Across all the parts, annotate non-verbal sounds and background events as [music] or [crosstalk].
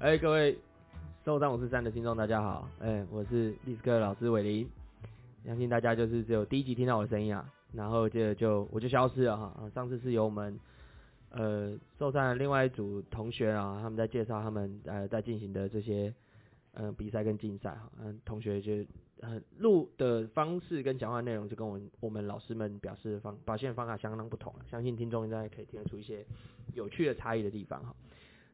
哎、欸，各位壽山五四三的聽眾，大家好，哎、欸，我是歷史課老師偉林，相信大家就是只有第一集聽到我的聲音啊，然後接着就我就消失了哈、啊。上次是由我們呃壽山另外一組同學啊，他們在介紹他們在呃在進行的這些嗯、呃、比賽跟競賽哈，嗯，同學就呃錄的方式跟講話內容就跟我我們老師們表示的方表現方法相當不同、啊，相信聽眾應該可以聽得出一些有趣的差異的地方哈、啊。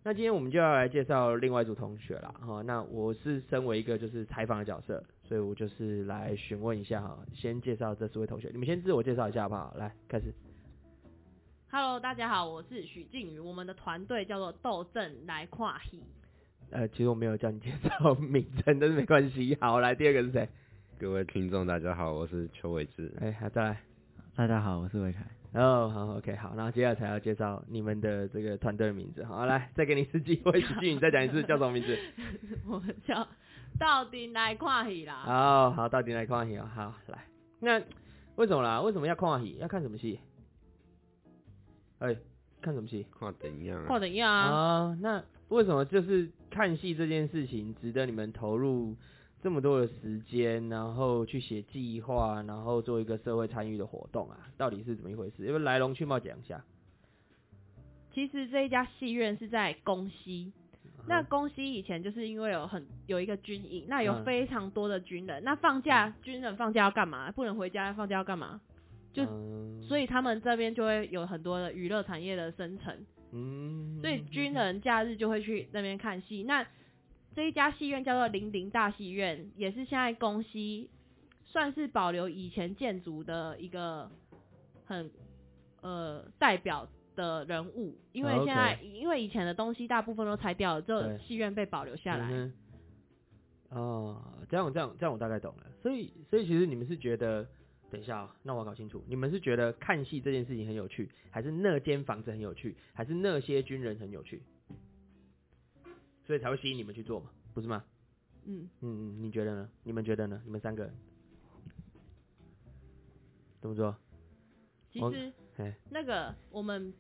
那今天我們就要來介紹另外一組同學了哈。那我是身為一個就是採訪的角色，所以我就是來詢問一下哈。先介紹這四位同學，你們先自我介紹一下好不好？來，開始。Hello，大家好，我是許靖宇，我們的團隊叫做鬥陣來看戲。呃，其實我沒有叫你介紹名稱，但是沒關係。好，來第二個是誰？各位聽眾、欸，大家好，我是邱偉志。哎，再來？大家好，我是魏凱。哦，好，OK，好，那接下來才要介紹你們的這個團隊的名字，好，來，再給你一次機會，十句，你再講一次， [laughs] 叫什麼名字？ [laughs] [laughs] 我叫鬥陣來看戲啦。好、哦、好，鬥陣來看戲、哦，好來，那為什麼啦？為什麼要看戲？要看什麼戲？哎、欸，看什麼戲？看怎樣、啊？看怎樣啊、哦？那為什麼就是看戲這件事情值得你們投入？這麼多的時間，然後去寫計劃，然後做一個社會參與的活動啊，到底是怎麼一回事？因為來龍去脈講一下。其實這一家戲院是在公西，嗯、那公西以前就是因為有很有一個軍營，那有非常多的軍人，那放假、嗯、軍人放假要幹嘛？不能回家，放假要幹嘛？就、嗯、所以他們這邊就會有很多的娛樂產業的生成，嗯，所以軍人假日就會去那邊看戲，那。這一家戲院叫做苓林大戲院，也是現在公西算是保留以前建築的一個很呃代表的人物，因為現在、okay. 因為以前的東西大部分都拆掉了，這戲院被保留下來。嗯、哦，這樣這樣這樣我大概懂了，所以所以其實你們是覺得，等一下、哦，那我要搞清楚，你們是覺得看戲這件事情很有趣，還是那間房子很有趣，還是那些軍人很有趣？所以才會吸引你們去做嘛，不是嗎？嗯，嗯嗯，你覺得呢？你們覺得呢？你們三個人，怎麼做？其實、哦、那個我們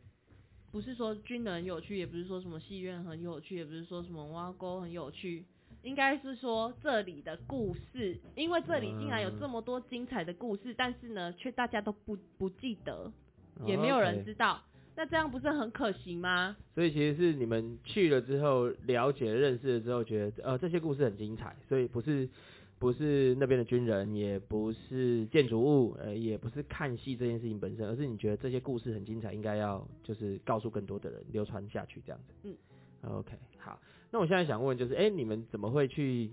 不是說軍人很有趣，也不是說什麼戲院很有趣，也不是說什麼挖溝很有趣，應該是說這裡的故事，因為這裡竟然有這麼多精彩的故事，嗯、但是呢，卻大家都不不記得，也沒有人知道。哦 okay。那這樣不是很可行嗎？所以其實是你們去了之後了解、認識了之後，覺得呃這些故事很精彩，所以不是不是那邊的軍人，也不是建築物，呃也不是看戲這件事情本身，而是你覺得這些故事很精彩，應該要就是告訴更多的人，流傳下去這樣子。嗯，OK，好，那我現在想問就是，哎、欸，你們怎麼會去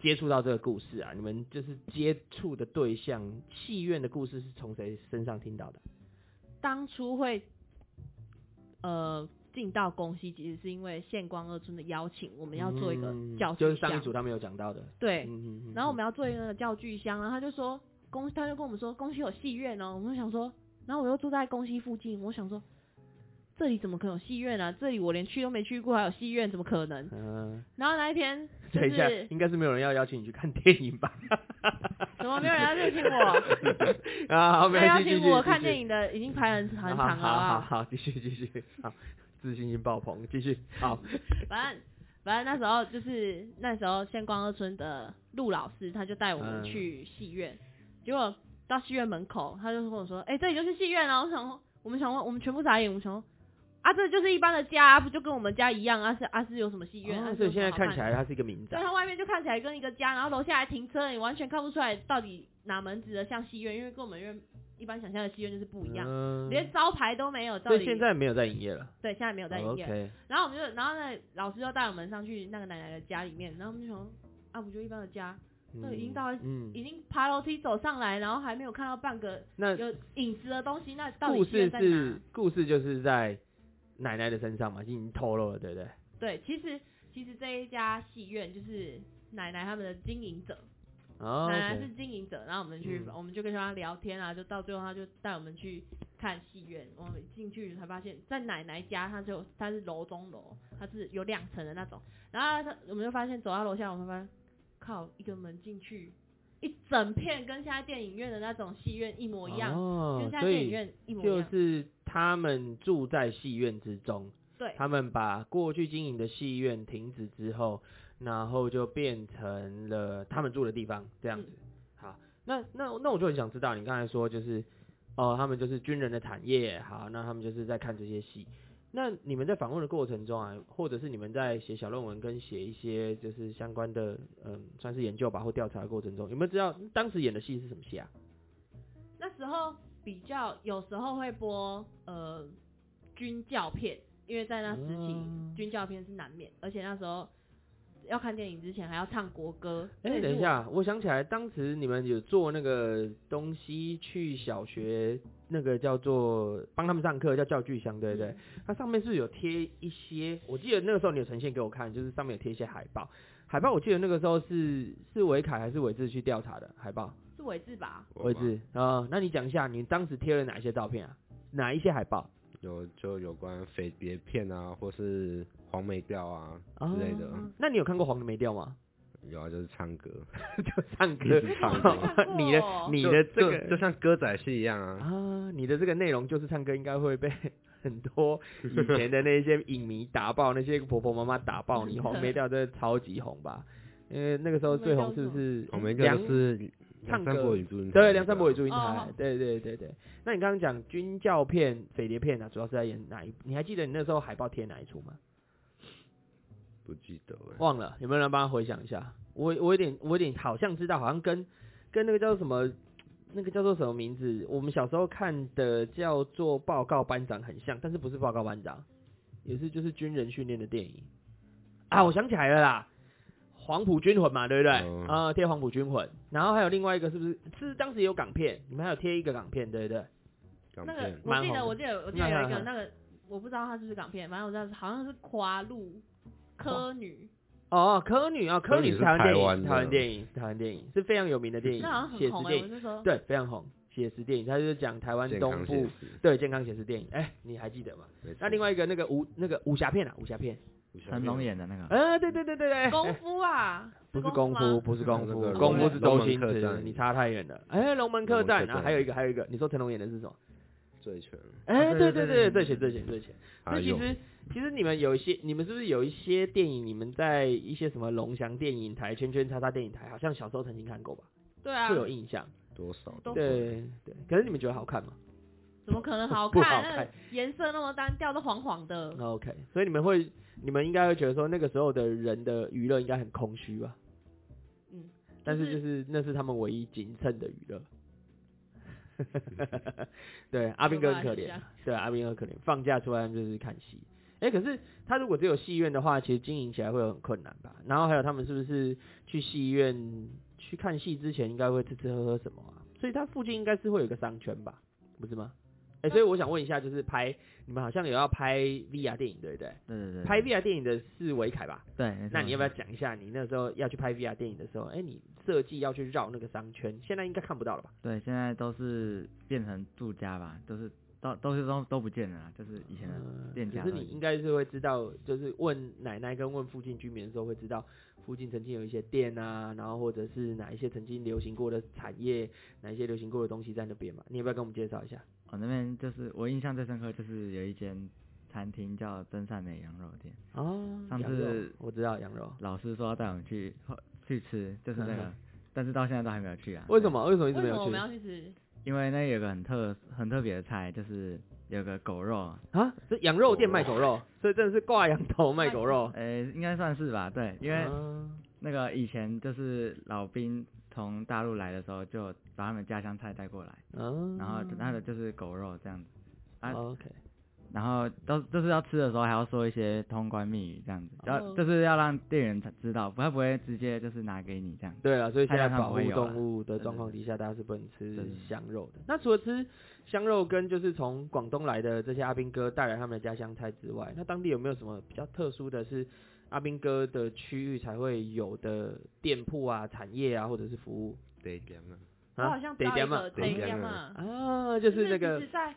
接觸到這個故事啊？你們就是接觸的對象，戲院的故事是從誰身上聽到的？當初會。呃，進到公西其實是因為憲光二村的邀請，我們要做一個教，嗯、就是上一組他們有講到的。對，嗯哼哼哼，然後我們要做一個教具箱，然後他就說，公他就跟我們說，公西有戲院哦，我們就想說，然後我又住在公西附近，我想說。這裡怎麼可能有戲院啊？這裡我連去都沒去過，還有戲院怎麼可能？嗯、呃。然後那一天，就是、等一下，應該是沒有人要邀請你去看電影吧？哈哈哈哈怎麼沒有人要邀請我？啊，沒有人要邀請我、， [laughs] 啊、我看電影的已經排很長了啊！好好好，繼續繼續，好，自信心爆棚，繼續好。反正反正那時候就是那時候，憲光二村的陸老師他就帶我們去戲院、呃，結果到戲院門口，他就跟我說：“哎、欸，這裡就是戲院哦、啊。”我想，我們想問，我們全部傻眼，我們想問。他、啊、這就是一般的家，不就跟我們家一樣啊？是？是、啊、阿是有什麼戲院？但、哦啊、是什麼什麼現在看起來他是一個民宅，對，他外面就看起來跟一個家，然後樓下來停車，你完全看不出來到底哪門子的像戲院，因為跟我們一般想象的戲院就是不一樣、嗯，連招牌都沒有。到所以現在沒有在營業了。對，現在沒有在營業、哦 okay。然後我們就，然後呢，老師就帶我們上去那個奶奶的家裡面，然後我們就從啊，不就一般的家？嗯、已經到、嗯，已經爬樓梯走上來，然後還沒有看到半個有影子的東西，那，那到底在哪？是故事是，故事就是在。奶奶的身上嘛，已經透露了，對不對？對，其實其實這一家戲院就是奶奶他們的經營者，oh, okay. 奶奶是經營者，然後我們去、嗯，我們就跟他聊天啊，就到最後他就帶我們去看戲院，我們進去才發現，在奶奶家他有，他就他是樓中樓，他是有兩層的那種，然後她，我們就發現走到樓下，我們發現靠一個門進去。一整片跟現在電影院的那種戲院一模一樣，跟現在電影院一模一樣。就是他們住在戲院之中，對，他們把過去經營的戲院停止之後，然後就變成了他們住的地方，這樣子。好，那那那我就很想知道，你剛才說就是，哦、呃，他們就是軍人的產業，好，那他們就是在看這些戲。那你們在訪問的過程中啊，或者是你們在寫小論文跟寫一些就是相關的嗯，算是研究吧或調查的過程中，有沒有知道當時演的戲是什麼戲啊？那時候比較有時候會播呃軍教片，因為在那時期，嗯，軍教片是難免，而且那時候。要看電影之前還要唱國歌。哎、欸，等一下，我想起來，當時你們有做那個東西去小學，那個叫做幫他們上課，叫教具箱，對不對、嗯？它上面是有貼一些，我記得那個時候你有呈現給我看，就是上面有貼一些海報。海報我記得那個時候是是韋凱還是韋志去調查的海報？是韋志吧？韋志啊，那你講一下，你當時貼了哪一些照片啊？哪一些海報？有就有關匪諜片啊，或是黃梅調啊之類的，啊。那你有看過黃梅調嗎？有啊，就是唱歌， [laughs] 就唱歌是唱歌。 [laughs] 你的你的這個就，就，就像歌仔戲一樣啊。啊，你的這個內容就是唱歌，應該會被很多以前的那些影迷打爆， [laughs] 那些婆婆媽媽打爆。哦，你黃梅調真的超級紅吧？ [laughs] 因為那個時候最紅是不是黃梅調是唱歌梁對《梁山伯與祝英台》啊、對，《梁山伯與祝英台》對對對對。那你剛剛講軍教片、匪諜片啊，主要是在演哪一？你還記得你那時候海報貼哪一出嗎？不記得了，忘了。有沒有人幫他回想一下？我我有點我有點好像知道，好像跟跟那個叫做什麼那個叫做什麼名字？我們小時候看的叫做《報告班長》很像，但是不是《報告班長》？也是就是軍人訓練的電影啊！我想起來了啦。黃埔軍魂嘛，對不對？啊、哦，貼、嗯、黃埔軍魂。然後還有另外一個，是不是是當時也有港片？你們還有貼一個港片，對不對？港片。嗯、那個我記得，我記得，我記得有一個那，他他他那個，我不知道他是不是港片，反正我知道好像是《誇路柯女》。哦，柯女哦，柯女是台灣台灣電影，台灣電影，是，台灣電影是非常有名的電影，寫實、欸、電影，說對，非常紅寫實電影，它就是講台灣東部對健康寫實電影。哎、欸，你還記得嗎？那另外一個、那個、那個武、那個武俠片啊，武俠片。成龍演的那個、欸？呃，對對對對功夫啊，欸、是夫不是功夫，功夫，不是功夫，功夫是《鬥心客棧》，你差太遠了。哎，《龍門客棧》啊，然後還有一個，還有一個，你說成龍演的是什麼？醉拳。哎，對對對對，對對，選醉拳，醉那其實，其實你們有一些，你們是不是有一些電影？你們在一些什麼龍翔電影台、圈圈叉叉電影台，好像小時候曾經看過吧？對啊，會有印象。多少？對對。可是你們覺得好看嗎？怎麼可能好看？顏、啊、色那麼單調，都黃黃的。 [laughs] 嗯、OK，所以你們會。你們應該會覺得說那個時候的人的娛樂應該很空虛吧？嗯、就是，但是就是那是他們唯一僅剩的娛樂、 [laughs] 啊。對，阿兵哥很可憐。對，阿兵哥可憐，放假出來就是看戲。哎、欸，可是他如果只有戲院的話，其實經營起來會很困難吧？然後還有他們是不是去戲院去看戲之前應該會吃吃喝喝什麼啊？所以他附近應該是會有個商圈吧？不是嗎？哎、欸，所以我想問一下，就是拍你們好像有要拍 VR 電影對不對？對對對，對，拍 VR 電影的是維凱吧？對，那你要不要講一下你那時候要去拍 VR 電影的時候，哎、欸，你設計要去繞那個商圈，現在應該看不到了吧？對，現在都是變成住家吧，就是、都是都都是都都不見了，就是以前的店家的、嗯。可是你應該是會知道，就是問奶奶跟問附近居民的時候會知道，附近曾經有一些店啊，然後或者是哪一些曾經流行過的產業，哪一些流行過的東西在那邊嘛？你要不要跟我們介紹一下？我、哦、那邊就是我印象最深刻，就是有一間餐廳叫真善美羊肉店。哦，上次我知道羊肉，老師說要帶我們去去吃，就是那個是，但是到現在都還沒有去啊。為什麼？為什麼一直沒有去？為什麼我們要去吃？因為那有個很特很特別的菜，就是有個狗肉。啊？是羊肉店賣狗肉？狗肉，所以真的是掛羊頭賣狗肉？誒、哎欸、應該算是吧，對，因為那個以前就是老兵。從大陸來的時候，就把他們家鄉菜帶過來，哦、然後他的就是狗肉這樣子啊、哦 okay，然後都都、就是要吃的時候，還要說一些通關密語這樣子，就要、哦、就是要讓店員知道，不他不會直接就是拿給你這樣。對了，所以現在保護動物的狀況底下，大家是不能吃香肉的。那除了吃香肉，跟就是從廣東來的這些阿兵哥帶來他們的家鄉菜之外，那當地有沒有什麼比較特殊的？是阿兵哥的區域才會有的店鋪啊、產業啊，或者是服務。對點，他得點，得點，得點啊。我好像知道一得點嘛，就是那個是在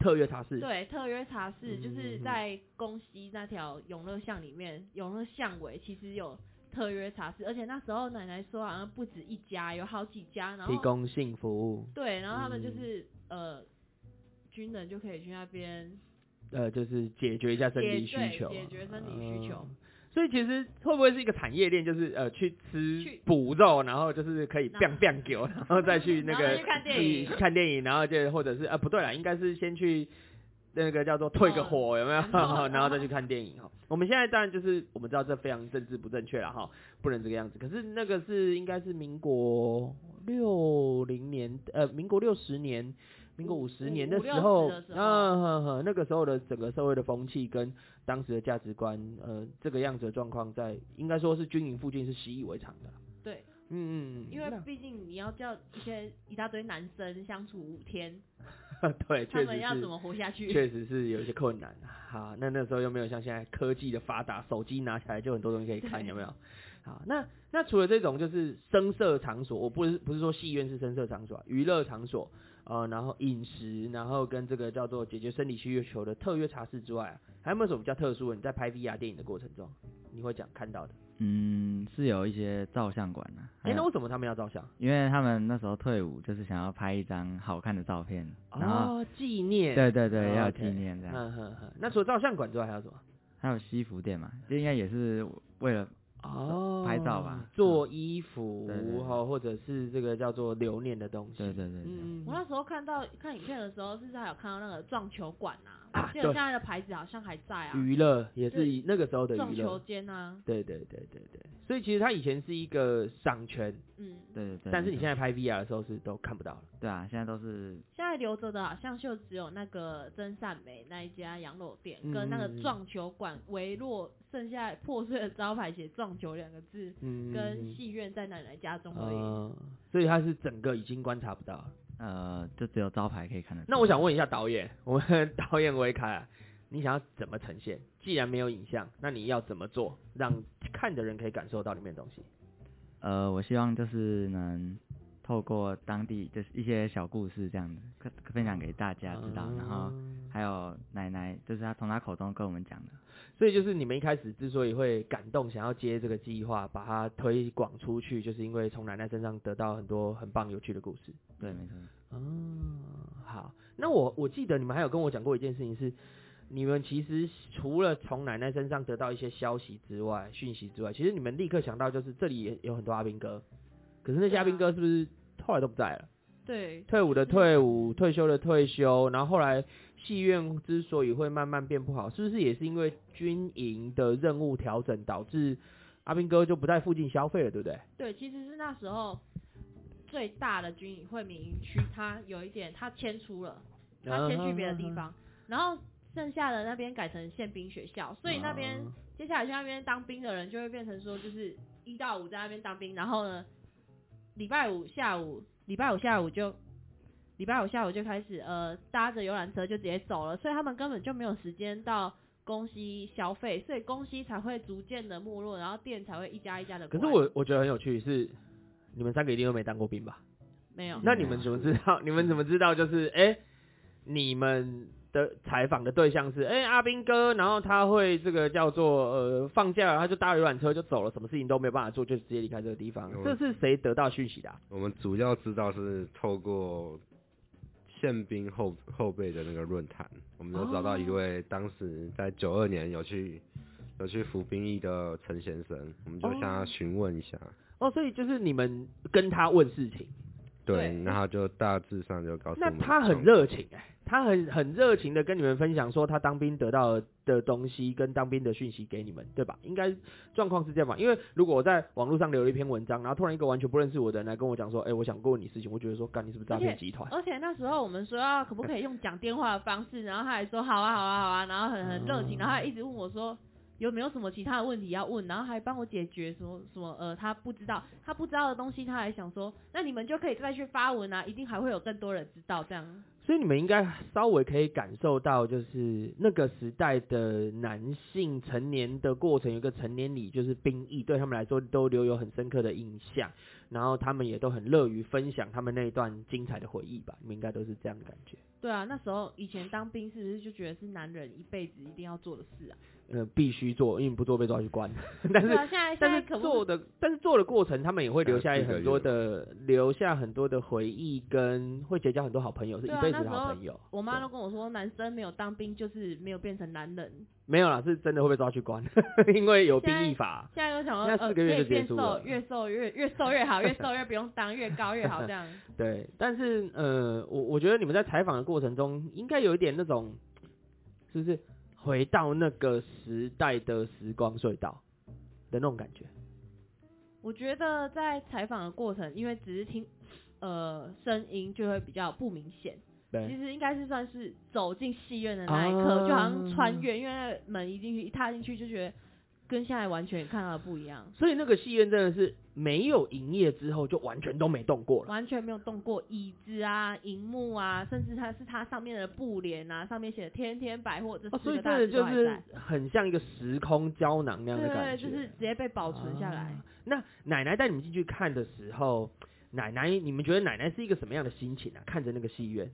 特約茶室。對，特約茶室、嗯、哼哼，就是在公西那條永樂巷裡面，永樂巷尾其實有特約茶室，而且那時候奶奶說好、啊、像不止一家，有好幾家。然後提供性服務。對，然後他們就是呃軍人就可以去那邊。呃，就是解決一下生理，、啊、理需求，解決生理需求。所以其實會不會是一個產業鏈，就是呃去吃補肉，然後就是可以 biang biang 酒，然後再去那個去看電影，看電影 [laughs] 然後就或者是呃不對了，應該是先去那個叫做退個火，哦，有沒有？ [laughs] 然後再去看電影哈。我們現在當然就是我們知道這非常政治不正確了哈，不能這個樣子。可是那個是應該是民國六零年，呃，民國六十年。民國五十年時、嗯、5, 的時候，哼、啊、哼，那個時候的整個社會的風氣跟當時的價值觀，呃，這個樣子的狀況，在應該說是軍營附近是習以為常的、啊。對，嗯，因為畢竟你要叫一些一大堆男生相處五天， [laughs] 對，他們要怎麼活下去？確實,實是有一些困難。 [laughs] 好，那那時候又沒有像現在科技的發達，手機拿起來就很多東西可以看，有沒有？好，那那除了這種就是聲色場所，我不是不是說戲院是聲色場所、啊，娛樂場所。呃、哦，然後飲食，然後跟這個叫做解決生理需求的特約茶室之外、啊，還有沒有什麼比較特殊的？你在拍 V R 電影的過程中，你會講看到的？嗯，是有一些照相館啊。哎、欸，那為什麼他們要照相？因為他們那時候退伍，就是想要拍一張好看的照片，哦，紀念。對對對，要紀念這樣。oh, okay. 呵呵呵。那除了照相館之外，還有什麼？還有西服店嘛，這應該也是為了。哦、oh，拍照吧。做衣服哈，嗯，或者是這個叫做留念的東西。對對對，對嗯，嗯，我那時候看到看影片的時候是不是還有看到那個撞球館吶，啊，那，啊，個現在的牌子好像還在啊。娛樂也是以那個時候的撞球間啊。對對對對對，所以其實它以前是一個商圈，嗯，對對。但是你現在拍 VR 的時候是都看不到了。對啊，現在都是。現在留着的好像就只有那個真善美那一家羊肉店，嗯、跟那個撞球館維落，剩下破碎的招牌寫撞球兩個字，嗯、跟戲院在奶奶家中而已。所以他是整個已經觀察不到，呃，就只有招牌可以看得到。那我想問一下導演，我們導演威凱啊，你想要怎麼呈現？既然沒有影像，那你要怎麼做讓看的人可以感受到裡面的東西？呃，我希望就是能。透過當地就是一些小故事這樣子，可分享給大家知道、嗯。然後還有奶奶，就是她從她口中跟我們講的。所以就是你們一開始之所以會感動，想要接這個計劃，把它推廣出去，就是因為從奶奶身上得到很多很棒有趣的故事。對，對沒錯。哦、嗯，好。那我我記得你們還有跟我講過一件事情是，你們其實除了從奶奶身上得到一些消息之外，訊息之外，其實你們立刻想到就是這裡也有很多阿兵哥。可是那些阿兵哥是不是後來都不在了？對、啊對，退伍的退伍的退休的退休。然後後來戲院之所以會慢慢變不好，是不是也是因為軍營的任務調整導致阿兵哥就不在附近消費了，對不對？對，其實是那時候最大的軍營惠民區，他有一點他遷出了，他遷去別的地方、啊哈哈，然後剩下的那邊改成憲兵學校，所以那邊、啊、接下來去那邊當兵的人就會變成說，就是一到五在那邊當兵，然後呢？禮拜五下午，禮拜五下午就，禮拜五下午就開始呃，搭着遊覽車就直接走了，所以他們根本就沒有時間到公西消費，所以公西才會逐漸的沒落，然後店才會一家一家的。可是我我覺得很有趣是，你們三個一定都沒當過兵吧？沒有。那你們怎麼知道？你們怎麼知道？就是誒、欸，你們。的採訪的對象是哎、欸、阿兵哥，然後他會這個叫做呃，放假了，他就搭遊覽車就走了，什麼事情都沒辦法做，就直接離開這個地方。這是誰得到訊息的啊？我們主要知道是透過憲兵後後輩的那個論壇，我們有找到一位當時在九二年有去有去服兵役的陳先生，我們就向他詢問一下。哦，哦，所以就是你們跟他問事情。對、嗯，然後就大致上就告訴他。那他很熱情哎、欸，他很很熱情的跟你們分享說他當兵得到的東西，跟當兵的訊息給你們，對吧？應該狀況是這樣吧？因為如果我在網絡上留了一篇文章，然後突然一個完全不認識我的人來跟我講說，哎、欸，我想過問你事情，我覺得說，幹你是不是詐騙集團？而且那時候我們說要可不可以用講電話的方式，然後他還說好啊好啊好啊，然後很很熱情、嗯，然後他還一直問我說。有沒有什麼其他的問題要問？然後還幫我解決，說什麼，什麼呃，他不知道，他不知道的東西，他還想說，那你們就可以再去發文啊，一定還會有更多人知道這樣。所以你們應該稍微可以感受到，就是那個時代的男性成年的過程，有個成年禮就是兵役，對他們來說都留有很深刻的印象，然後他們也都很樂於分享他們那一段精彩的回憶吧。你們應該都是這樣的感覺。對啊，那時候以前當兵是不是就覺得是男人一輩子一定要做的事啊？呃、嗯，必須做，因為不做被抓去關。但是、啊，但是做的，但是做的過程，他們也會留下很多的、的，留下很多的回憶，跟會結交很多好朋友，是一輩子的好朋友。啊、我媽都跟我說，男生沒有當兵就是沒有變成男人。沒有啦，是真的會被抓去關，因為有兵役法。 [laughs] 現在都想要，那四個月就結束了、呃、瘦越瘦越越瘦越好，越瘦越不用當， [laughs] 越高越好這樣。對，但是呃，我我覺得你們在採訪的過程中，應該有一點那種，是不是？回到那個時代的時光隧道的那種感覺。我覺得在採訪的過程，因為只是聽呃聲音，就會比較不明顯。對。其實應該是算是走進戲院的那一刻，啊，就好像穿越，因為那門一進去，一踏進去就覺得跟現在完全看到的不一樣。所以那個戲院真的是。沒有營業之後就完全都沒動過了，完全沒有動過椅子啊、熒幕啊，甚至它是它上面的布簾啊，上面寫的“天天百貨”這四個大字，哦、所以它的就是很像一個時空膠囊那樣的感覺。對，就是直接被保存下來。啊、那奶奶帶你們進去看的時候，奶奶，你們覺得奶奶是一個什麼樣的心情啊？看着那個戲院，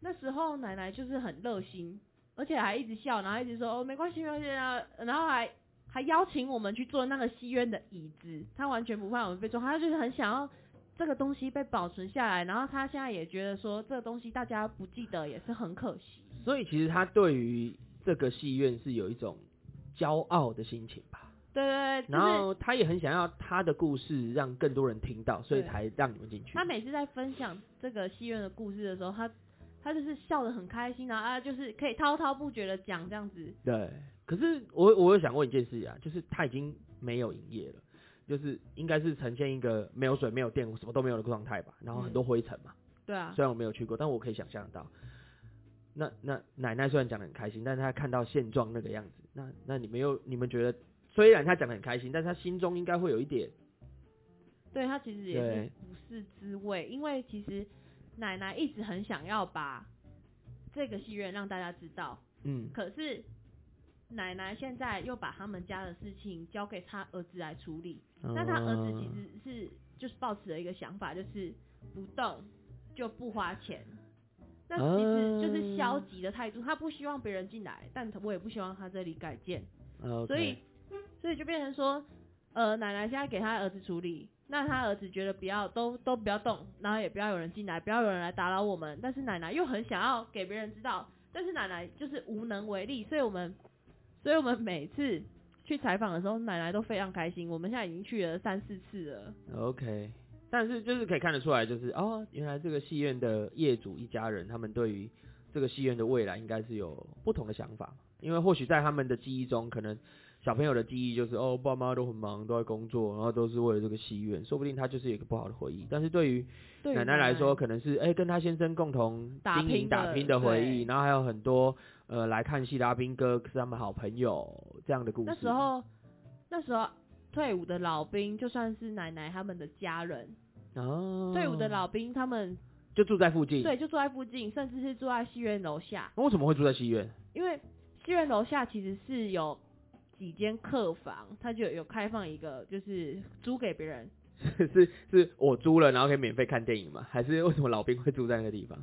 那時候奶奶就是很熱心，而且還一直笑，然後一直說：“哦，沒關係，沒關係。”然後還。還邀請我們去坐那個戲院的椅子，他完全不怕我們被抓，他就是很想要這個東西被保存下來。然後他現在也覺得說這個東西大家不記得也是很可惜。所以其實他對於這個戲院是有一種驕傲的心情吧？對對對。然後他也很想要他的故事讓更多人聽到，所以才讓你們進去。他每次在分享這個戲院的故事的時候，他。他就是笑得很開心，然後啊啊，就是可以滔滔不絕的講這樣子。對，可是我我有想過一件事啊，就是他已經沒有營業了，就是應該是呈現一個沒有水、沒有電、什麼都沒有的狀態吧？然後很多灰塵嘛。對啊。雖然我沒有去過，但我可以想象到。那那奶奶雖然講的很開心，但是她看到現狀那個樣子，那那你們又你們覺得，雖然她講的很開心，但是她心中應該會有一點，對她其實也是不是滋味，因為其實，奶奶一直很想要把這個戲院讓大家知道，嗯，可是奶奶現在又把他們家的事情交給他兒子來處理，嗯、那他兒子其實是就是抱持了一個想法，就是不動就不花錢，那其實就是消極的態度，他不希望別人進來，但我也不希望他這裡改建，嗯、所以所以就變成說，呃，奶奶現在給他兒子處理。那他兒子覺得不要都都不要動，然後也不要有人進來，不要有人來打擾我們。但是奶奶又很想要給別人知道，但是奶奶就是無能為力。所以我們，所以我們每次去採訪的時候，奶奶都非常開心。我們現在已經去了三四次了。OK，但是就是可以看得出來，就是哦，原來這個戲院的業主一家人，他們對於這個戲院的未來應該是有不同的想法，因為或許在他們的記憶中，可能。小朋友的記憶就是哦，爸媽都很忙，都在工作，然後都是為了這個戲院。說不定他就是有一個不好的回憶。但是對於奶奶來說，可能是欸，跟他先生共同打拼打拼的回憶，然後還有很多呃來看戲的阿兵哥是他們好朋友這樣的故事。那時候那時候退伍的老兵，就算是奶奶他們的家人哦、啊。退伍的老兵他們就住在附近，對，就住在附近，甚至是住在戲院樓下。哦，為什麼會住在戲院？因為戲院樓下其實是有。幾間客房，他就有，有開放一個，就是租給別人。是是，是我租了，然後可以免費看電影嗎？還是為什麼老兵會住在那個地方？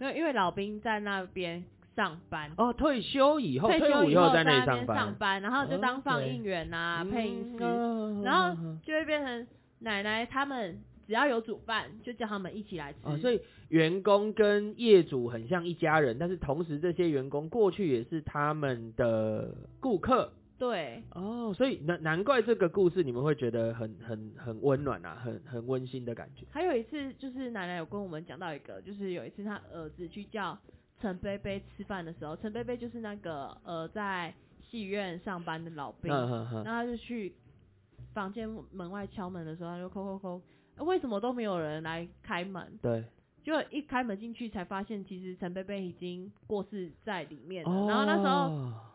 因為因為老兵在那邊上班。哦，退休以後，退休以後在那邊上班，然後就當放映員啊，哦、配音師、嗯，然後就會變成奶奶他們只要有煮飯，就叫他們一起來吃、哦。所以員工跟業主很像一家人，但是同時這些員工過去也是他們的顧客。對，哦、oh，所以難難怪這個故事你們會覺得很很很溫暖啊，很很溫馨的感覺。還有一次就是奶奶有跟我們講到一個，就是有一次她兒子去叫陳貝貝吃飯的時候，陳貝貝就是那個呃在戲院上班的老兵，uh、-huh -huh. 然後他就去房間門外敲門的時候，他就叩叩叩，為什麼都沒有人來開門？對，就一開門進去才發現，其實陳貝貝已經過世在裡面了。Oh. 然後那時候。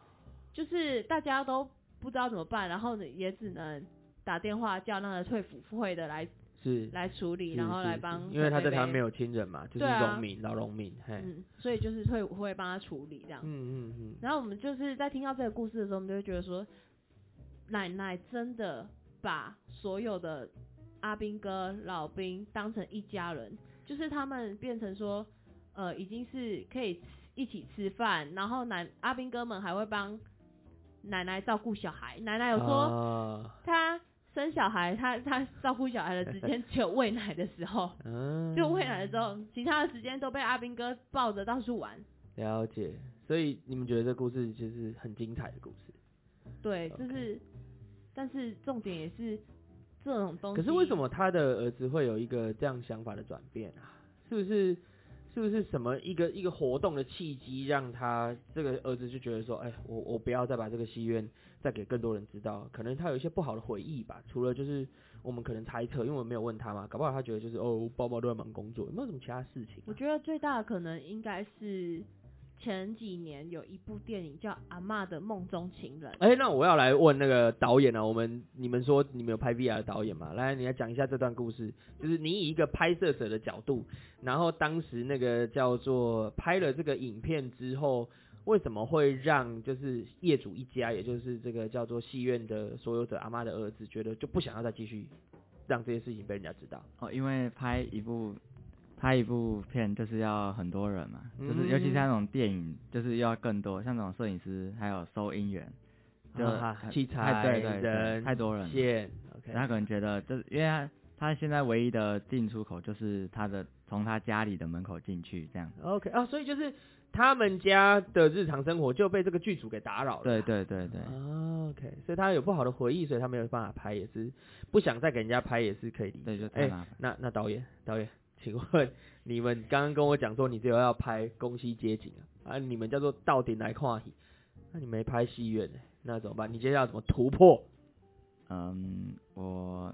就是大家都不知道怎麼辦，然後呢也只能打電話叫那個退輔會的來是來處理，然後來幫、嗯，因為他在台灣沒有親人嘛，就是榮民、啊、老榮民，嘿、嗯，所以就是退輔會幫他處理這樣，嗯嗯嗯。然後我們就是在聽到這個故事的時候，我們就會覺得說，奶奶真的把所有的阿兵哥老兵當成一家人，就是他們變成說，呃，已經是可以一起吃飯，然後奶，阿兵哥們還會幫。奶奶照顧小孩，奶奶有說，她生小孩，她她照顧小孩的時間只有餵奶的時候， [laughs] 嗯、就餵奶的時候，其他的時間都被阿兵哥抱着到處玩。了解，所以你們覺得這故事就是很精彩的故事。對，就是，okay，但是重點也是這種東西。可是為什麼他的兒子會有一個這樣想法的轉變啊？是不是？是不是什麼一個一個活動的契機，讓他這個兒子就覺得說，哎，我我不要再把這個戲院再給更多人知道，可能他有一些不好的回憶吧。除了就是我們可能猜測，因為我們沒有問他嘛，搞不好他覺得就是哦，包包都在忙工作，有沒有什麼其他事情啊？我覺得最大的可能應該是。前幾年有一部電影叫《阿嬤的夢中情人》欸。哎，那我要來問那個導演啊,我們你們說你們有拍 VR 的導演嗎？來，你來講一下這段故事。就是你以一個拍攝者的角度，然後當時那個叫做拍了這個影片之後，為什麼會讓就是業主一家，也就是這個叫做戲院的所有者阿嬤的兒子，覺得就不想要再繼續讓這些事情被人家知道？哦，因為拍一部。拍一部片就是要很多人嘛，嗯、就是尤其像那種電影，就是要更多，像那種攝影師還有收音員，就他，器材對對對、對人、太多人了，yeah, okay. 他可能覺得就是因為他他現在唯一的進出口就是他的從他家裡的門口進去這樣子。OK 啊，所以就是他們家的日常生活就被這個劇組給打擾了。對對對對、啊。OK，所以他有不好的回憶，所以他沒有辦法拍，也是不想再給人家拍，也是可以理解。對，就太麻煩、欸。那那導演導演。請問你們剛剛跟我講說，你這有要拍公西街景啊？啊，你們叫做鬥陣來看戲？那、啊、你沒拍戲院、欸、那怎麼辦？你接下來怎麼突破？嗯，我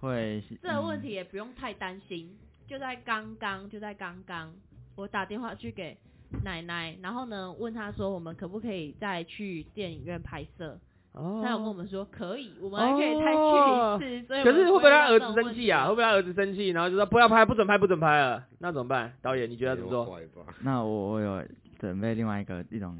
會。嗯、這個問題也不用太擔心，就在剛剛，就在剛剛，我打電話去給奶奶，然後呢問她說，我們可不可以再去電影院拍攝？他、哦、有跟我們說可以，我們還可以拍去一次。哦、所以可是會不會他兒子生氣啊，啊？會不會他兒子生氣？然後就說不要拍，不准拍，不准拍了，那怎麼辦？導演你覺得怎麼說？那我我有準備另外一個一種，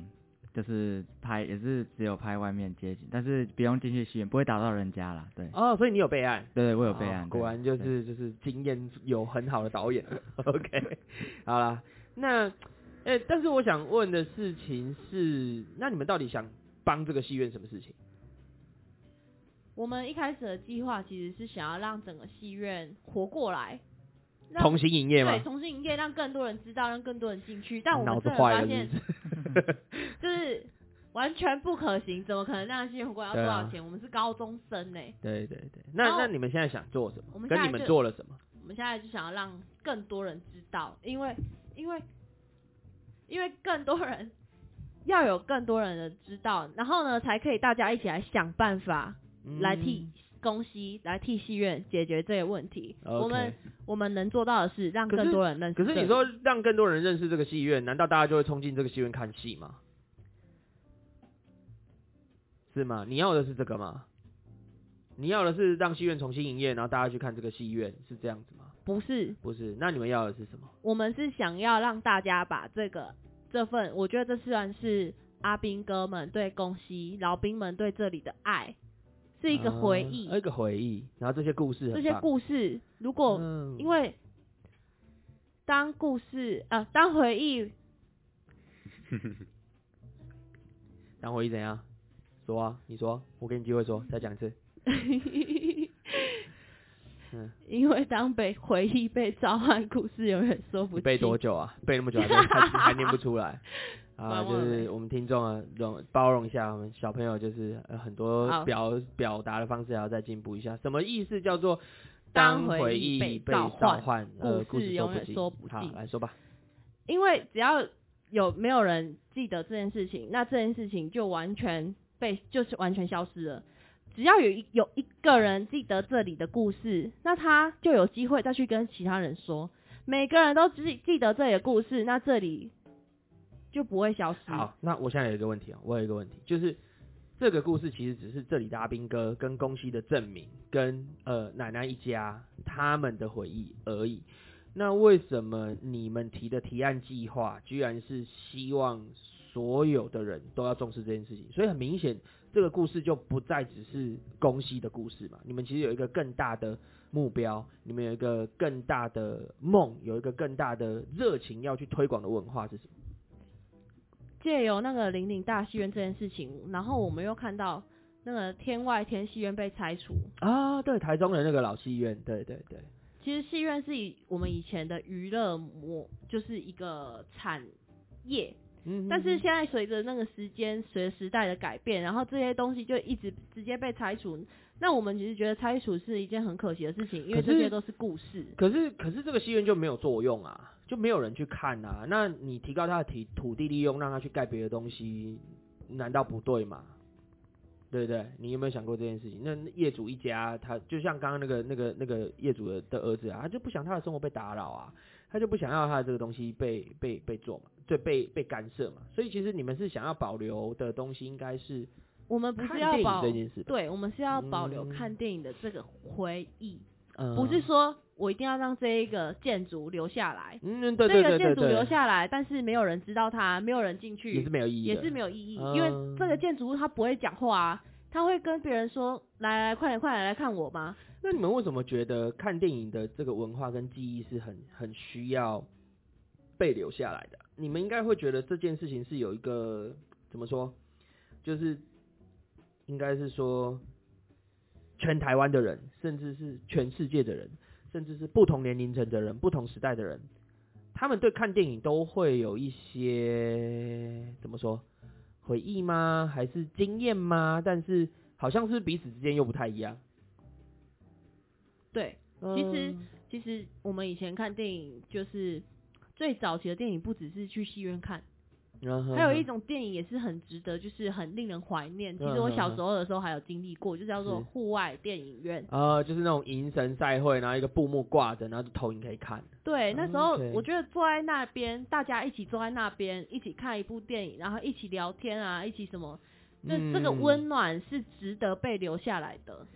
就是拍也是只有拍外面街景，但是不用進去戲院，不會打擾人家啦。對。哦，所以你有備案。對，對，對，我有備案。哦、果然就是就是經驗有很好的導演。 [laughs] OK，好了，那、欸、但是我想問的事情是，那你們到底想幫這個戲院什麼事情？我們一開始的計劃其實是想要讓整個戲院活過來，重新營業嗎？對，重新營業，讓更多人知道，讓更多人進去。但我們真的發現， [laughs] 就是完全不可行，怎麼可能讓戲院活過來要多少錢、啊？我們是高中生呢、欸。對對對，那那你們現在想做什麼，我們現在？跟你們做了什麼？我們現在就想要讓更多人知道，因為因為因為更多人要有更多人的知道，然後呢，才可以大家一起來想辦法。嗯、來替公西來替戲院解決這些問題。Okay, 我們我們能做到的是讓更多人認識這個。可是，可是你說讓更多人認識這個戲院，難道大家就會衝進這個戲院看戲嗎？是嗎？你要的是這個嗎？你要的是讓戲院重新營業，然後大家去看這個戲院是這樣子嗎？不是，不是。那你們要的是什麼？我們是想要讓大家把這個這份，我覺得這雖然是阿兵哥們對公西老兵們對這裡的愛。是一個回憶，啊，一個回憶，然後這些故事，這些故事，如果因為當故事、嗯、啊，當回憶， [laughs] 當回憶怎樣說啊？啊你說，我給你機會說，再講一次、 [laughs] 嗯。因為當被回憶被召喚，故事永遠說不清。你背多久啊？背那麼久還還 [laughs] 還念不出來。啊，就是我們聽眾啊，容包容一下我們小朋友，就是、呃、很多表表達的方式還要再進步一下。什麼意思叫做當回憶被召喚，故事永遠說不盡，呃、不好，來說吧。因為只要有沒有人記得這件事情，那這件事情就完全被就是完全消失了。只要有有一個人記得這裡的故事，那他就有機會再去跟其他人說。每個人都只記得這裡的故事，那這裡。就不會消失。好，那我現在有一個問題啊，我有一個問題，就是這個故事其實只是這裡的阿兵哥跟公西的證明，跟呃奶奶一家他們的回憶而已。那為什麼你們提的提案計劃，居然是希望所有的人都要重視這件事情？所以很明顯，這個故事就不再只是公西的故事嘛。你們其實有一個更大的目標，你們有一個更大的夢，有一個更大的熱情要去推廣的文化是什麼？借由那個苓林大戲院這件事情，然後我們又看到那個天外天戲院被拆除啊，對，台中的那個老戲院，對對對。其實戲院是以我們以前的娛樂模，就是一個產業，嗯、但是現在隨着那個時間隨時代的改變，然後這些東西就一直直接被拆除。那我們其實覺得拆除是一件很可惜的事情，因為這些都是故事。可是可是，可是這個戲院就沒有作用啊。就沒有人去看吶、啊？那你提高他的提土地利用，讓他去蓋別的東西，難道不對嗎？對不對，對？你有沒有想過這件事情？那業主一家，他就像剛剛那個那個那個業主的的兒子啊，他就不想他的生活被打擾啊，他就不想要他的這個東西被被被做嘛，就被被干涉嘛。所以其實你們是想要保留的東西應，應該是我們不是要保這件事，對，我們是要保留看電影的這個回憶，嗯、不是說。我一定要讓這一個建築留下來，嗯、對對對對對對這個建築留下來，但是沒有人知道它，沒有人進去，也是沒有意義，也是沒有意義，嗯、因為這個建築物它不會講話、啊，他會跟別人說，來來，快點，快點來,來看我吧。那你們為什麼覺得看電影的這個文化跟記憶是很很需要被留下來的？你們應該會覺得這件事情是有一個怎麼說，就是應該是說全台灣的人，甚至是全世界的人。甚至是不同年齡層的人，不同時代的人，他們對看電影都會有一些怎麼說回憶嗎？還是經驗嗎？但是好像是彼此之間又不太一樣。對，嗯、其實其實我們以前看電影，就是最早期的電影，不只是去戲院看。Uh -huh. 還有一種電影也是很值得，就是很令人懷念。Uh -huh. 其實我小時候的時候還有經歷過，uh -huh. 就叫做戶外電影院。啊，uh, 就是那種迎神賽會，然後一個布幕掛着，然後就投影可以看。對，uh -huh. 那時候我覺得坐在那邊，okay. 大家一起坐在那邊，一起看一部電影，然後一起聊天啊，一起什麼，這這個溫暖是值得被留下來的。嗯